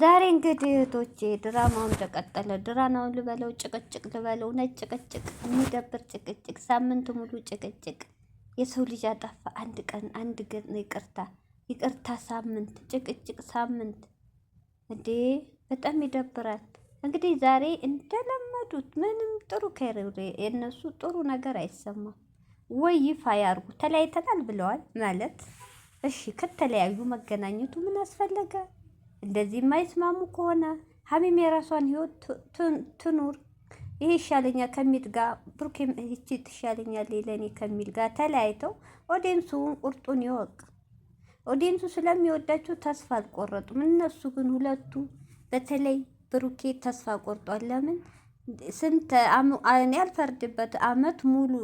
ዛሬ እንግዲህ እህቶቼ ድራማውን እንደቀጠለ ድራማውን ልበለው ጭቅጭቅ ልበለው ነጭ ጭቅጭቅ የሚደብር ጭቅጭቅ ሳምንት ሙሉ ጭቅጭቅ የሰው ልጅ አጠፋ አንድ ቀን አንድ ግን ይቅርታ ይቅርታ ሳምንት ጭቅጭቅ ሳምንት እንዴ በጣም ይደብራል። እንግዲህ ዛሬ እንደለመዱት ምንም ጥሩ ከሬ የእነሱ ጥሩ ነገር አይሰማም ወይ ይፋ ያርጉ ተለያይተናል ብለዋል ማለት እሺ ከተለያዩ መገናኘቱ ምን አስፈለገ? እንደዚህ የማይስማሙ ከሆነ ሀሚም የራሷን ህይወት ትኑር። ይህ ይሻለኛ ከሚል ጋ ብሩኬም ይቺ ትሻለኛል ለእኔ ከሚል ጋር ተለያይተው ኦዴንሱ ቁርጡን ይወቅ። ኦዴንሱ ስለሚወዳቸው ተስፋ አልቆረጡም። እነሱ ግን ሁለቱ በተለይ ብሩኬ ተስፋ ቆርጧል። ለምን ስንት እኔ ያልፈርድበት አመት ሙሉ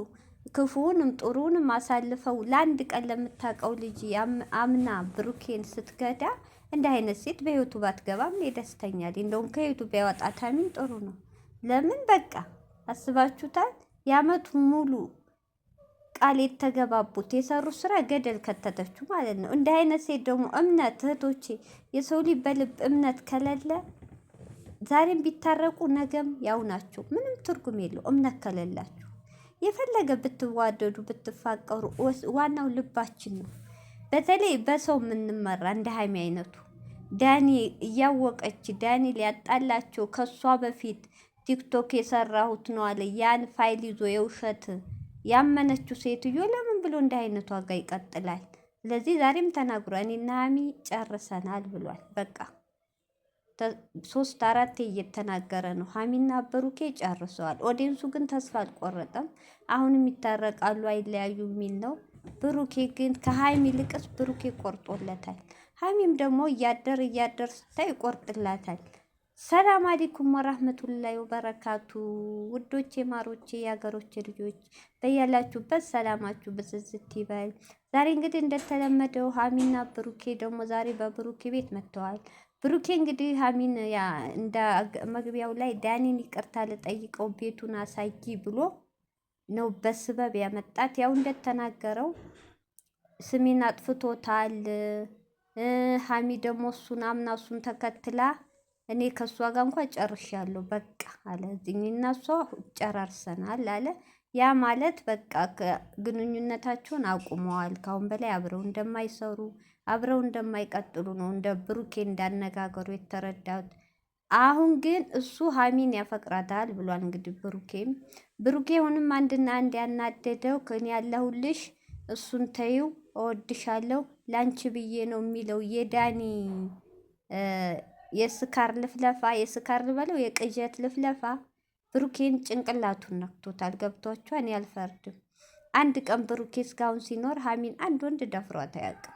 ክፉውንም ጥሩውንም አሳልፈው ለአንድ ቀን ለምታውቀው ልጅ አምና ብሩኬን ስትገዳ እንደ አይነት ሴት በዩቱብ አትገባም። እኔ ደስተኛ እንደውም ከዩቱብ ታሚን ጥሩ ነው። ለምን በቃ አስባችሁታል? የአመቱ ሙሉ ቃል የተገባቡት የሰሩ ስራ ገደል ከተተችው ማለት ነው። እንደ አይነት ሴት ደግሞ እምነት እህቶቼ፣ የሰው ልጅ በልብ እምነት ከሌለ ዛሬም ቢታረቁ ነገም ያው ናቸው። ምንም ትርጉም የለው እምነት ከሌላችሁ። የፈለገ ብትዋደዱ ብትፋቀሩ፣ ዋናው ልባችን ነው። በተለይ በሰው የምንመራ እንደ ሀይሚ አይነቱ ዳኒ እያወቀች ዳኒ ሊያጣላቸው ከሷ በፊት ቲክቶክ የሰራሁት ነው አለ። ያን ፋይል ይዞ የውሸት ያመነችው ሴትዮ ለምን ብሎ እንደ አይነቷ ጋር ይቀጥላል? ስለዚህ ዛሬም ተናግሮ እኔና ሀሚ ጨርሰናል ብሏል። በቃ ሶስት አራት እየተናገረ ነው። ሀሚና ብሩኬ ጨርሰዋል። ኦዲንሱ ግን ተስፋ አልቆረጠም። አሁንም ይታረቃሉ አይለያዩ የሚል ነው። ብሩኬ ግን ከሀይሚ ይልቅስ ብሩኬ ቆርጦለታል። ሀሚም ደግሞ እያደር እያደር ስታይ ይቆርጥላታል። ሰላም አለይኩም ወራህመቱላይ ወበረካቱ ውዶቼ ማሮቼ የሀገሮች ልጆች በያላችሁበት ሰላማችሁ ብዝዝት ይበል። ዛሬ እንግዲህ እንደተለመደው ሀሚና ብሩኬ ደግሞ ዛሬ በብሩኬ ቤት መጥተዋል። ብሩኬ እንግዲህ ሀሚን እንደ መግቢያው ላይ ዳኒን ይቅርታ ልጠይቀው ቤቱን አሳይ ብሎ ነው በስበብ ያመጣት። ያው እንደተናገረው ስሜን አጥፍቶታል ሀሚ ደግሞ እሱን አምና እሱን ተከትላ እኔ ከእሷ ጋር እንኳ ጨርሻለሁ በቃ አለ እዚህና እሷ ጨራርሰናል አለ። ያ ማለት በቃ ግንኙነታቸውን አቁመዋል። ካሁን በላይ አብረው እንደማይሰሩ አብረው እንደማይቀጥሉ ነው እንደ ብሩኬ እንዳነጋገሩ የተረዳሁት። አሁን ግን እሱ ሀሚን ያፈቅራታል ብሏል። እንግዲህ ብሩኬም ብሩኬ ሁንም አንድና አንድ ያናደደው ከኔ ያለሁልሽ እሱን ተይው እወድሻለሁ ላንቺ ብዬ ነው የሚለው የዳኒ የስካር ልፍለፋ የስካር ልበለው የቅዠት ልፍለፋ ብሩኬን ጭንቅላቱን ነክቶታል። ገብቷቸው እኔ አልፈርድም። አንድ ቀን ብሩኬ እስካሁን ሲኖር ሀሚን አንድ ወንድ ደፍሯት አያውቅም።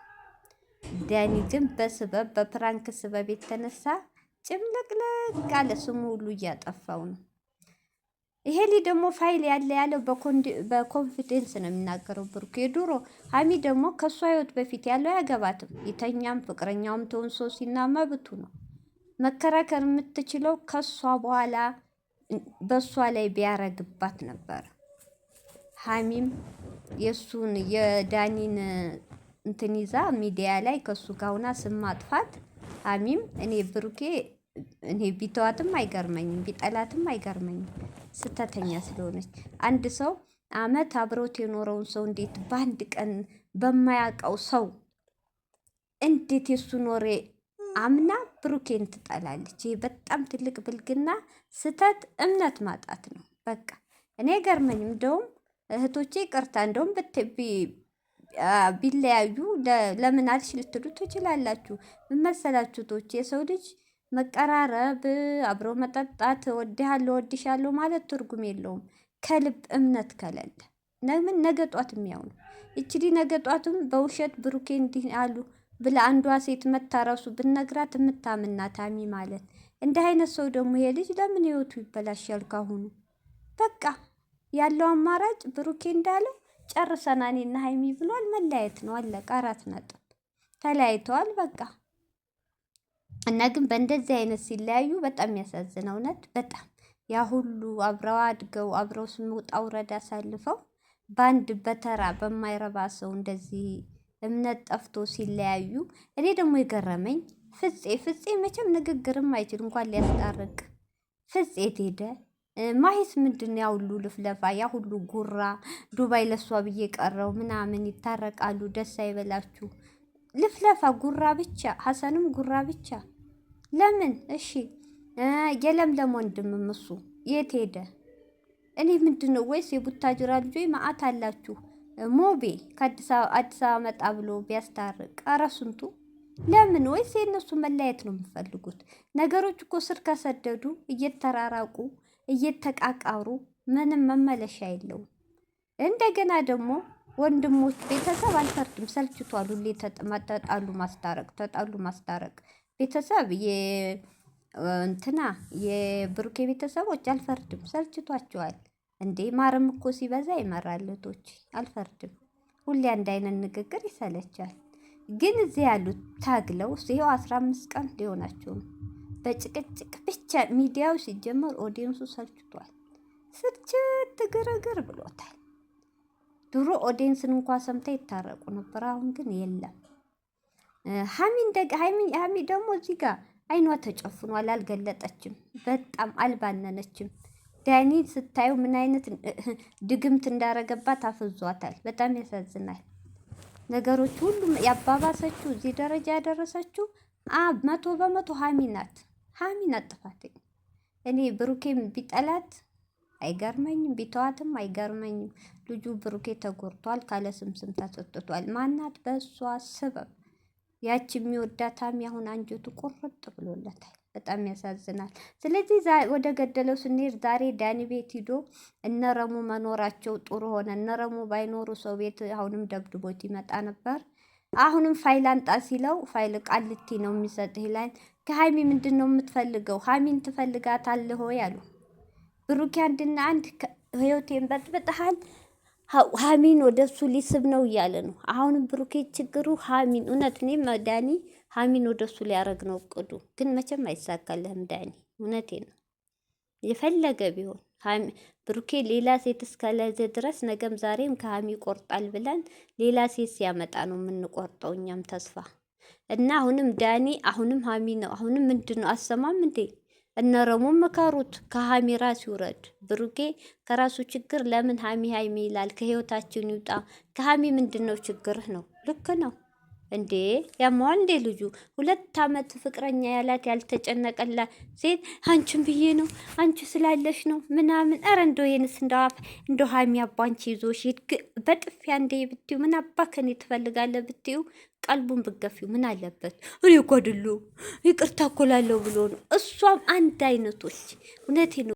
ዳኒ ግን በስበብ በፕራንክ ስበብ የተነሳ ጭምለቅለቅ አለ። ስሙ ሁሉ እያጠፋው ነው። ይሄ ልጅ ደግሞ ፋይል ያለ ያለው በኮንፊደንስ ነው የሚናገረው። ብሩክ የዱሮ ሀሚ ደግሞ ከእሷ ህይወት በፊት ያለው አያገባትም። ይተኛም ፍቅረኛውም ትሆን ሶሲና መብቱ ነው። መከራከር የምትችለው ከእሷ በኋላ በእሷ ላይ ቢያረግባት ነበር። ሀሚም የእሱን የዳኒን እንትን ይዛ ሚዲያ ላይ ከእሱ ጋውና ስም ማጥፋት ሀሚም እኔ ብሩኬ እኔ ቢተዋትም አይገርመኝም፣ ቢጠላትም አይገርመኝም ስተተኛ ስለሆነች አንድ ሰው አመት አብሮት የኖረውን ሰው እንዴት በአንድ ቀን በማያውቀው ሰው እንዴት የሱ ኖሬ አምና ብሩኬን ትጠላለች። ይህ በጣም ትልቅ ብልግና፣ ስተት፣ እምነት ማጣት ነው። በቃ እኔ ገርመኝ። እንደውም እህቶቼ ቅርታ እንደውም ቢለያዩ ለምን አልሽ ልትሉ ትችላላችሁ። ምን መሰላችሁ እህቶቼ የሰው ልጅ መቀራረብ፣ አብሮ መጠጣት፣ እወድሃለሁ እወድሻለሁ ማለት ትርጉም የለውም። ከልብ እምነት ከሌለ ለምን ነገ ጧት የሚያው ነው። እችዲ ነገ ጧትም በውሸት ብሩኬ እንዲህ አሉ ብለ አንዷ ሴት መታረሱ ብነግራት የምታምና ታሚ ማለት እንደ አይነት ሰው ደግሞ ይሄ ልጅ ለምን ህይወቱ ይበላሻል ካሁኑ? በቃ ያለው አማራጭ ብሩኬ እንዳለው ጨርሰናኔና ሀይሚ ብሏል። መለያየት ነው አለቀ። አራት ነጥብ ተለያይተዋል በቃ እና ግን በእንደዚህ አይነት ሲለያዩ በጣም የሚያሳዝነው እውነት በጣም ያ ሁሉ አብረው አድገው አብረው ስምውጣ ውረድ አሳልፈው በአንድ በተራ በማይረባ ሰው እንደዚህ እምነት ጠፍቶ ሲለያዩ፣ እኔ ደግሞ የገረመኝ ፍፄ ፍፄ መቼም ንግግርም አይችል እንኳን ሊያስጣርቅ ፍፄ ሄደ? ማሂስ ምንድን ያ ሁሉ ልፍለፋ፣ ያ ሁሉ ጉራ፣ ዱባይ ለሷ ብዬ ቀረው ምናምን፣ ይታረቃሉ፣ ደስ አይበላችሁ፣ ልፍለፋ፣ ጉራ ብቻ። ሀሰንም ጉራ ብቻ ለምን? እሺ የለምለም ወንድምም እሱ የት ሄደ? እኔ ምንድን ነው ወይስ የቡታጅራ ልጆች መዓት አላችሁ? ሞቤ ከአዲስ አበባ መጣ ብሎ ቢያስታርቅ ኧረ ለምን? ወይስ የእነሱ መለያየት ነው የምፈልጉት? ነገሮች እኮ ስር ከሰደዱ እየተራራቁ እየተቃቃሩ ምንም መመለሻ የለውም። እንደገና ደግሞ ወንድሞች ቤተሰብ አልፈርድም፣ ሰልችቷል። ሁሌ ተጣሉ ማስታረቅ፣ ተጣሉ ማስታረቅ ቤተሰብ እንትና የብሩኬ ቤተሰቦች አልፈርድም፣ ሰልችቷቸዋል እንዴ ማርም እኮ ሲበዛ ይመራል። እህቶች አልፈርድም። ሁሌ አንድ አይነት ንግግር ይሰለቻል። ግን እዚህ ያሉት ታግለው ይኸው አስራ አምስት ቀን ሊሆናቸው ነው በጭቅጭቅ ብቻ። ሚዲያው ሲጀመር ኦዲየንሱ ሰልችቷል። ስልችት ግርግር ብሎታል። ድሮ ኦዲየንስን እንኳ ሰምተ ይታረቁ ነበር። አሁን ግን የለም። ሀሚን ሀሚ ደግሞ እዚህ ጋር አይኗ ተጨፍኗል። አልገለጠችም። በጣም አልባነነችም። ዳኒ ስታዩ ምን አይነት ድግምት እንዳረገባት አፈዟታል በጣም ያሳዝናል። ነገሮች ሁሉም ያባባሰችው እዚህ ደረጃ ያደረሰችው መቶ በመቶ ሀሚ ናት። ሀሚ ናት እኔ ብሩኬም ቢጠላት አይገርመኝም፣ ቢተዋትም አይገርመኝም። ልጁ ብሩኬ ተጎርቷል ካለ ስምስም ተሰጥቷል። ማናት በእሷ ስበብ ያቺ የሚወዳታም ያሁን አንጀቱ ቁርጥ ብሎለታል። በጣም ያሳዝናል። ስለዚህ ወደ ገደለው ስንሄድ ዛሬ ዳኒ ቤት ሂዶ እነረሙ መኖራቸው ጥሩ ሆነ። እነረሙ ባይኖሩ ሰው ቤት አሁንም ደብድቦት ይመጣ ነበር። አሁንም ፋይል አንጣ ሲለው ፋይል ቃልቲ ነው የሚሰጥህ ይላል። ከሀይሚ ምንድን ነው የምትፈልገው? ሀሚን ትፈልጋታለህ ሆይ አሉ ብሩኪ አንድና አንድ ህይወቴን በጥብጥሃል ሀሚን ወደ እሱ ሊስብ ነው እያለ ነው። አሁንም ብሩኬ ችግሩ ሀሚን እውነት እኔም ዳኒ ሀሚን ወደ እሱ ሊያደርግ ነው እቅዱ፣ ግን መቼም አይሳካልህም ዳኒ። እውነቴ ነው። የፈለገ ቢሆን ብሩኬ ሌላ ሴት እስከለዘ ድረስ ነገም ዛሬም ከሀሚ ይቆርጣል ብለን ሌላ ሴት ሲያመጣ ነው የምንቆርጠው እኛም ተስፋ እና አሁንም ዳኒ አሁንም ሀሚ ነው አሁንም ምንድን ነው አሰማም እንዴ እነረሙ መከሩት ከሀሚ ራስ ይውረድ። ብሩኬ ከራሱ ችግር ለምን ሀሚ ሀይሚ ይላል? ከህይወታችን ይውጣ። ከሀሚ ምንድን ነው ችግርህ ነው? ልክ ነው። እንዴ ያማዋል እንዴ ልጁ ሁለት አመት ፍቅረኛ ያላት ያልተጨነቀላ ሴት አንቺን ብዬ ነው አንቺ ስላለሽ ነው ምናምን። ኧረ እንዶ ይሄንስ እንደዋፍ እንደ ሀሚ አባንቺ አንቺ ይዞሽ ይድግ በጥፊያ እንዴ ብትዩ ምን አባ ከኔ ትፈልጋለህ ብትዩ ቀልቡን ብገፊው ምን አለበት? እኔ ጓድሉ ይቅርታ እኮ ላለሁ ብሎ ነው። እሷም አንድ አይነቶች እውነቴ ነው።